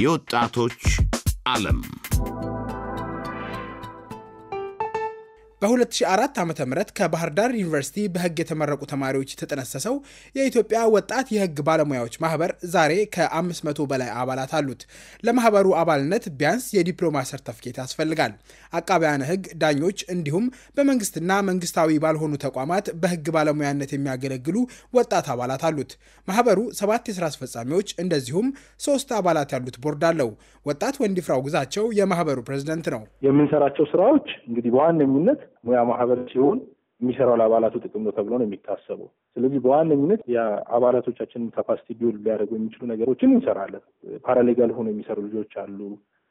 የወጣቶች ዓለም በ2004 ዓ ም ከባህር ዳር ዩኒቨርሲቲ በህግ የተመረቁ ተማሪዎች የተጠነሰሰው የኢትዮጵያ ወጣት የህግ ባለሙያዎች ማህበር ዛሬ ከ500 በላይ አባላት አሉት። ለማህበሩ አባልነት ቢያንስ የዲፕሎማ ሰርተፍኬት ያስፈልጋል። አቃቢያነ ህግ፣ ዳኞች እንዲሁም በመንግስትና መንግስታዊ ባልሆኑ ተቋማት በህግ ባለሙያነት የሚያገለግሉ ወጣት አባላት አሉት። ማህበሩ ሰባት የስራ አስፈጻሚዎች እንደዚሁም ሶስት አባላት ያሉት ቦርድ አለው። ወጣት ወንዲፍራው ግዛቸው የማህበሩ ፕሬዝደንት ነው። የምንሰራቸው ስራዎች እንግዲህ በዋነኝነት ሙያ ማህበር ሲሆን የሚሰራው ለአባላቱ ጥቅም ነው ተብሎ ነው የሚታሰበው። ስለዚህ በዋነኝነት የአባላቶቻችንን ካፓሲቲ ቢውል ሊያደርጉ የሚችሉ ነገሮችን እንሰራለን። ፓራሌጋል ሆኖ የሚሰሩ ልጆች አሉ።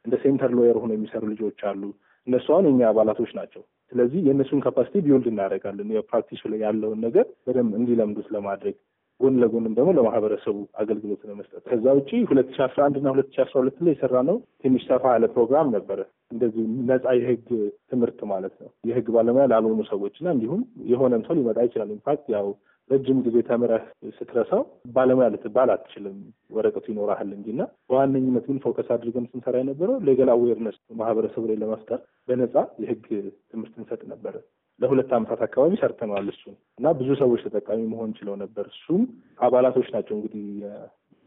እንደ ሴንተር ሎየር ሆኖ የሚሰሩ ልጆች አሉ። እነሱ አሁን የኛ አባላቶች ናቸው። ስለዚህ የእነሱን ካፓሲቲ ቢውልድ እናደርጋለን። የፕራክቲሱ ላይ ያለውን ነገር በደንብ እንዲለምዱት ለማድረግ ጎን ለጎንም ደግሞ ለማህበረሰቡ አገልግሎት ለመስጠት ከዛ ውጭ ሁለት ሺ አስራ አንድ እና ሁለት ሺ አስራ ሁለት ላይ የሰራ ነው ትንሽ ሰፋ ያለ ፕሮግራም ነበረ። እንደዚህ ነጻ የህግ ትምህርት ማለት ነው የህግ ባለሙያ ላልሆኑ ሰዎች እና እንዲሁም የሆነም ሰው ሊመጣ ይችላል። ኢንፋክት ያው ረጅም ጊዜ ተምረህ ስትረሳው ባለሙያ ልትባል አትችልም፣ ወረቀቱ ይኖራል እንጂ እና በዋነኝነት ግን ፎከስ አድርገን ስንሰራ የነበረው ሌገል አዌርነስ ማህበረሰቡ ላይ ለመፍጠር በነጻ የህግ ትምህርት እንሰጥ ነበረ። ለሁለት ዓመታት አካባቢ ሰርተነዋል እሱን እና ብዙ ሰዎች ተጠቃሚ መሆን ችለው ነበር። እሱም አባላቶች ናቸው እንግዲህ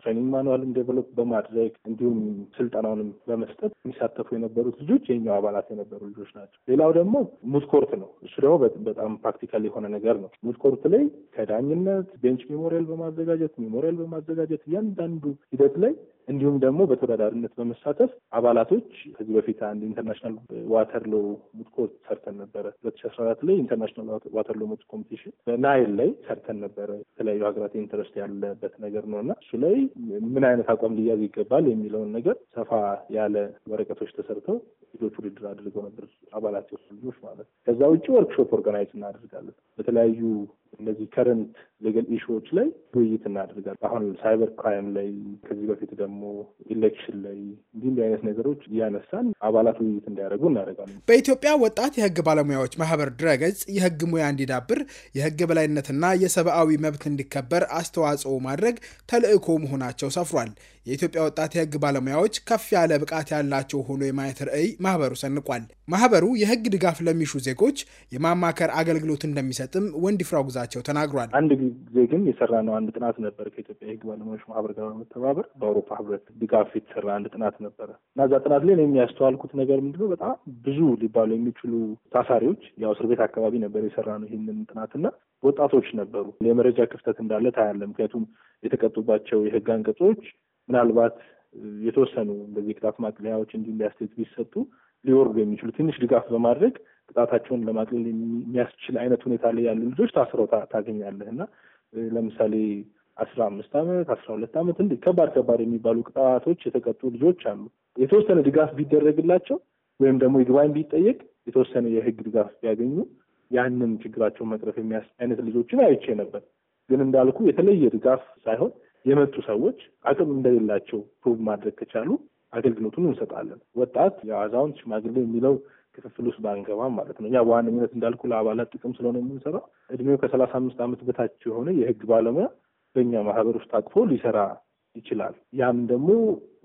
ትሬኒንግ ማኑዋልን ዴቨሎፕ በማድረግ እንዲሁም ስልጠናውንም በመስጠት የሚሳተፉ የነበሩት ልጆች የኛው አባላት የነበሩ ልጆች ናቸው። ሌላው ደግሞ ሙትኮርት ነው። እሱ ደግሞ በጣም ፕራክቲካል የሆነ ነገር ነው። ሙትኮርት ላይ ከዳኝነት ቤንች ሜሞሪያል በማዘጋጀት ሜሞሪያል በማዘጋጀት እያንዳንዱ ሂደት ላይ እንዲሁም ደግሞ በተወዳዳሪነት በመሳተፍ አባላቶች ከዚህ በፊት አንድ ኢንተርናሽናል ዋተርሎ ሙትኮርት ሰርተን ነበረ። ሁለት ሺ አስራ አራት ላይ ኢንተርናሽናል ዋተርሎ ሙት ኮምፒቲሽን በናይል ላይ ሰርተን ነበረ። የተለያዩ ሀገራት ኢንተረስት ያለበት ነገር ነው እና እሱ ላይ ምን አይነት አቋም ሊያዝ ይገባል የሚለውን ነገር ሰፋ ያለ ወረቀቶች ተሰርተው ልጆች ውድድር አድርገው ነበር፣ አባላት ልጆች ማለት ከዛ ውጭ ወርክሾፕ ኦርጋናይዝ እናደርጋለን በተለያዩ እነዚህ ከረንት ሌገል ኢሹዎች ላይ ውይይት እናደርጋለን። አሁን ሳይበር ክራይም ላይ ከዚህ በፊት ደግሞ ኢሌክሽን ላይ እንዲህ እንዲህ አይነት ነገሮች እያነሳን አባላት ውይይት እንዲያደርጉ እናደርጋለን። በኢትዮጵያ ወጣት የህግ ባለሙያዎች ማህበር ድረገጽ የህግ ሙያ እንዲዳብር የህግ በላይነትና የሰብአዊ መብት እንዲከበር አስተዋጽኦ ማድረግ ተልዕኮ መሆናቸው ሰፍሯል። የኢትዮጵያ ወጣት የህግ ባለሙያዎች ከፍ ያለ ብቃት ያላቸው ሆኖ የማየት ርዕይ ማህበሩ ሰንቋል። ማህበሩ የህግ ድጋፍ ለሚሹ ዜጎች የማማከር አገልግሎት እንደሚሰጥም ወንድ ፍራጉዛ መሆናቸው ተናግሯል። አንድ ጊዜ ግን የሰራ ነው አንድ ጥናት ነበር ከኢትዮጵያ የህግ ባለሙያዎች ማህበር ጋር በመተባበር በአውሮፓ ህብረት ድጋፍ የተሰራ አንድ ጥናት ነበረ እና እዛ ጥናት ላይ የሚያስተዋልኩት ነገር ምንድነው በጣም ብዙ ሊባሉ የሚችሉ ታሳሪዎች ያው እስር ቤት አካባቢ ነበር የሰራ ነው ይህንን ጥናትና ወጣቶች ነበሩ። የመረጃ ክፍተት እንዳለ ታያለ። ምክንያቱም የተቀጡባቸው የህግ አንቀጾች ምናልባት የተወሰኑ እንደዚህ ቅጣት ማቅለያዎች እንዲሁም ሊያስቴት ቢሰጡ ሊወርዱ የሚችሉ ትንሽ ድጋፍ በማድረግ ቅጣታቸውን ለማቅለል የሚያስችል አይነት ሁኔታ ላይ ያሉ ልጆች ታስረው ታገኛለህ እና ለምሳሌ አስራ አምስት ዓመት አስራ ሁለት ዓመት እንዲህ ከባድ ከባድ የሚባሉ ቅጣቶች የተቀጡ ልጆች አሉ። የተወሰነ ድጋፍ ቢደረግላቸው ወይም ደግሞ ይግባኝ ቢጠየቅ የተወሰነ የህግ ድጋፍ ቢያገኙ ያንን ችግራቸውን መቅረፍ የሚያስ አይነት ልጆችን አይቼ ነበር። ግን እንዳልኩ የተለየ ድጋፍ ሳይሆን የመጡ ሰዎች አቅም እንደሌላቸው ፕሩቭ ማድረግ ከቻሉ አገልግሎቱን እንሰጣለን። ወጣት፣ የአዛውንት፣ ሽማግሌ የሚለው ክፍፍል ውስጥ ባንገባም ማለት ነው። እኛ በዋነኝነት እንዳልኩ ለአባላት ጥቅም ስለሆነ የምንሰራው እድሜው ከሰላሳ አምስት ዓመት በታች የሆነ የህግ ባለሙያ በእኛ ማህበር ውስጥ አቅፎ ሊሰራ ይችላል። ያም ደግሞ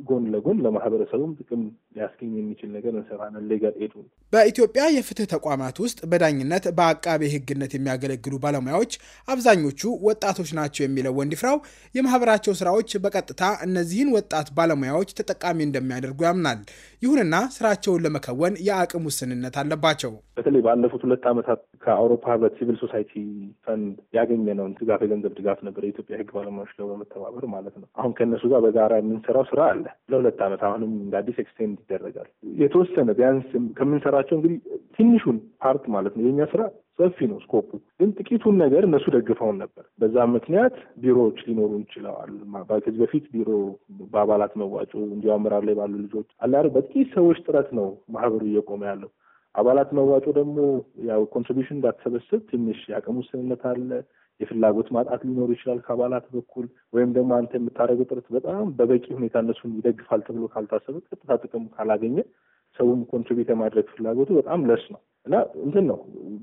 ጎን ለጎን ለማህበረሰቡም ጥቅም ሊያስገኝ የሚችል ነገር እንሰራለን። ሌጋል ኤዱ በኢትዮጵያ የፍትህ ተቋማት ውስጥ በዳኝነት በአቃቤ ህግነት የሚያገለግሉ ባለሙያዎች አብዛኞቹ ወጣቶች ናቸው የሚለው ፍራው የማህበራቸው ስራዎች በቀጥታ እነዚህን ወጣት ባለሙያዎች ተጠቃሚ እንደሚያደርጉ ያምናል። ይሁንና ስራቸውን ለመከወን የአቅም ውስንነት አለባቸው። በተለይ ባለፉት ሁለት ዓመታት ከአውሮፓ ህብረት ሲቪል ሶሳይቲ ፈንድ ያገኘነውን ድጋፍ የገንዘብ ድጋፍ ነበር የኢትዮጵያ ህግ ባለሙያዎች ጋር በመተባበር ማለት ነው። አሁን ከእነሱ ጋር በጋራ የምንሰራው ስራ አለ ለሁለት ዓመት አሁንም እንደ አዲስ ኤክስቴንድ ይደረጋል። የተወሰነ ቢያንስ ከምንሰራቸው እንግዲህ ትንሹን ፓርት ማለት ነው የእኛ ስራ ሰፊ ነው ስኮፑ፣ ግን ጥቂቱን ነገር እነሱ ደግፈውን ነበር። በዛ ምክንያት ቢሮዎች ሊኖሩ ይችለዋል። ከዚህ በፊት ቢሮ በአባላት መዋጮ እንዲሁ አመራር ላይ ባሉ ልጆች አላር በጥቂት ሰዎች ጥረት ነው ማህበሩ እየቆመ ያለው። አባላት መዋጮ ደግሞ ያው ኮንትሪቢሽን እንዳትሰበስብ ትንሽ የአቅም ውስንነት አለ። የፍላጎት ማጣት ሊኖሩ ይችላል ከአባላት በኩል ወይም ደግሞ አንተ የምታደርገው ጥረት በጣም በበቂ ሁኔታ እነሱን ይደግፋል ተብሎ ካልታሰበ ቀጥታ ጥቅም ካላገኘ ሰውም ኮንትሪቢዩት የማድረግ ፍላጎቱ በጣም ለስ ነው እና እንትን ነው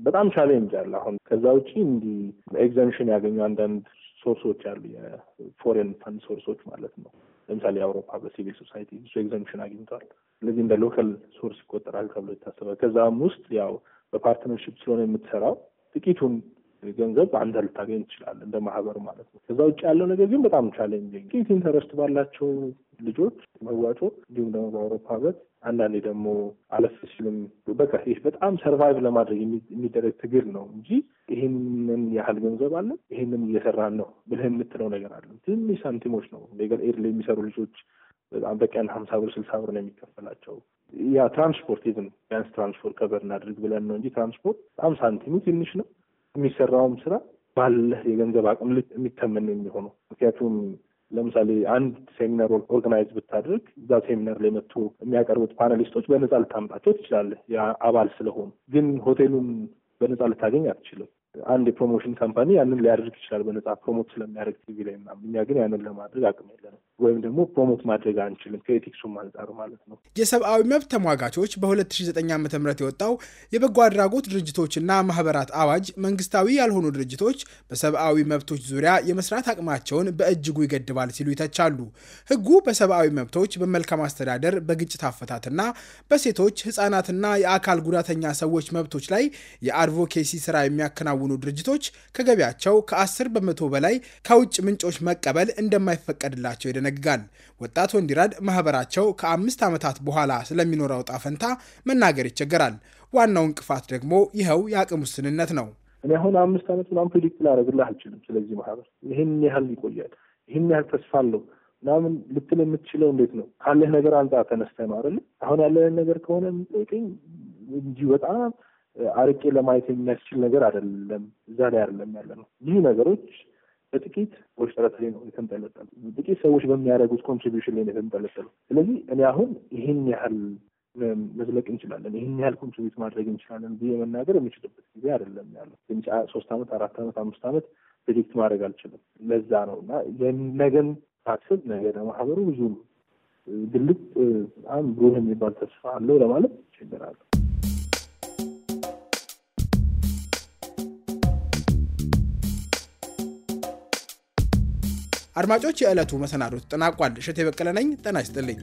በጣም ቻሌንጅ አለ። አሁን ከዛ ውጭ እንዲህ ኤግዘምሽን ያገኙ አንዳንድ ሶርሶች አሉ፣ የፎሬን ፈንድ ሶርሶች ማለት ነው። ለምሳሌ የአውሮፓ በሲቪል ሶሳይቲ ብዙ ኤግዘምሽን አግኝተዋል። ስለዚህ እንደ ሎካል ሶርስ ይቆጠራል ተብሎ ይታሰባል። ከዛም ውስጥ ያው በፓርትነርሽፕ ስለሆነ የምትሰራው ጥቂቱን ገንዘብ አንተ ልታገኝ ትችላለህ፣ እንደ ማህበር ማለት ነው። ከዛ ውጭ ያለው ነገር ግን በጣም ቻሌንጅ ኢንተረስት ባላቸው ልጆች መዋጮ እንዲሁም ደግሞ በአውሮፓ ህብረት አንዳንዴ ደግሞ አለፍ ሲልም በቃ ይህ በጣም ሰርቫይቭ ለማድረግ የሚደረግ ትግል ነው እንጂ ይህንን ያህል ገንዘብ አለ ይህንን እየሰራን ነው ብለህ የምትለው ነገር አለ። ትንሽ ሳንቲሞች ነው ነገር ኤድ ላይ የሚሰሩ ልጆች በጣም በቀን ሀምሳ ብር ስልሳ ብር ነው የሚከፈላቸው። ያ ትራንስፖርት ይዝም ቢያንስ ትራንስፖርት ከበር እናድርግ ብለን ነው እንጂ ትራንስፖርት በጣም ሳንቲሙ ትንሽ ነው። የሚሰራውም ስራ ባለህ የገንዘብ አቅም ልክ የሚተመን የሚሆነው ምክንያቱም ለምሳሌ አንድ ሴሚናር ኦርጋናይዝ ብታደርግ እዛ ሴሚናር ላይ መጥቶ የሚያቀርቡት ፓናሊስቶች በነፃ ልታምጣቸው ትችላለህ፣ አባል ስለሆኑ። ግን ሆቴሉን በነፃ ልታገኝ አትችልም። አንድ የፕሮሞሽን ካምፓኒ ያንን ሊያደርግ ይችላል በነጻ ፕሮሞት ስለሚያደርግ ቲቪ ላይ ምናምን። እኛ ግን ያንን ለማድረግ አቅም የለንም ወይም ደግሞ ፕሮሞት ማድረግ አንችልም ከኤቲክሱም አንጻር ማለት ነው። የሰብአዊ መብት ተሟጋቾች በ2009 ዓ ም የወጣው የበጎ አድራጎት ድርጅቶችና ማህበራት አዋጅ መንግስታዊ ያልሆኑ ድርጅቶች በሰብአዊ መብቶች ዙሪያ የመስራት አቅማቸውን በእጅጉ ይገድባል ሲሉ ይተቻሉ። ህጉ በሰብአዊ መብቶች፣ በመልካም አስተዳደር፣ በግጭት አፈታትና በሴቶች ህጻናትና የአካል ጉዳተኛ ሰዎች መብቶች ላይ የአድቮኬሲ ስራ የሚያከናውኑ የሚያከናውኑ ድርጅቶች ከገቢያቸው ከ10 በመቶ በላይ ከውጭ ምንጮች መቀበል እንደማይፈቀድላቸው ይደነግጋል። ወጣት ወንዲራድ ማህበራቸው ከአምስት ዓመታት በኋላ ስለሚኖረው ዕጣ ፈንታ መናገር ይቸገራል። ዋናው እንቅፋት ደግሞ ይኸው የአቅም ውስንነት ነው። እኔ አሁን አምስት ዓመት ምናምን ፕሪዲክት ላደርግልህ አልችልም። ስለዚህ ማህበር ይህን ያህል ይቆያል፣ ይህን ያህል ተስፋ አለው ምናምን ልትል የምትችለው እንዴት ነው ካለህ ነገር አንጻር ተነስተህ ነው አይደለ? አሁን ያለህን ነገር ከሆነ ጠይቀኝ እንጂ በጣም አርቄ ለማየት የሚያስችል ነገር አይደለም። እዛ ላይ አይደለም ያለ ነው። ብዙ ነገሮች በጥቂት ሰዎች ጥረት ላይ ነው የተንጠለጠሉ። ጥቂት ሰዎች በሚያደርጉት ኮንትሪቢሽን ላይ ነው የተንጠለጠሉ። ስለዚህ እኔ አሁን ይህን ያህል መዝለቅ እንችላለን፣ ይህን ያህል ኮንትሪቢዩት ማድረግ እንችላለን ብዬ መናገር የሚችልበት ጊዜ አይደለም ያለው። ሶስት ዓመት አራት ዓመት አምስት ዓመት ፕሮጀክት ማድረግ አልችልም። ለዛ ነው እና ነገን ሳስብ ነገ ለማህበሩ ብዙ ግልጥ በጣም ብሩህ የሚባል ተስፋ አለው ለማለት ይቸገራሉ። አድማጮች፣ የዕለቱ መሰናዶ ተጠናቋል። እሸት የበቀለ ነኝ። ጤና ይስጥልኝ።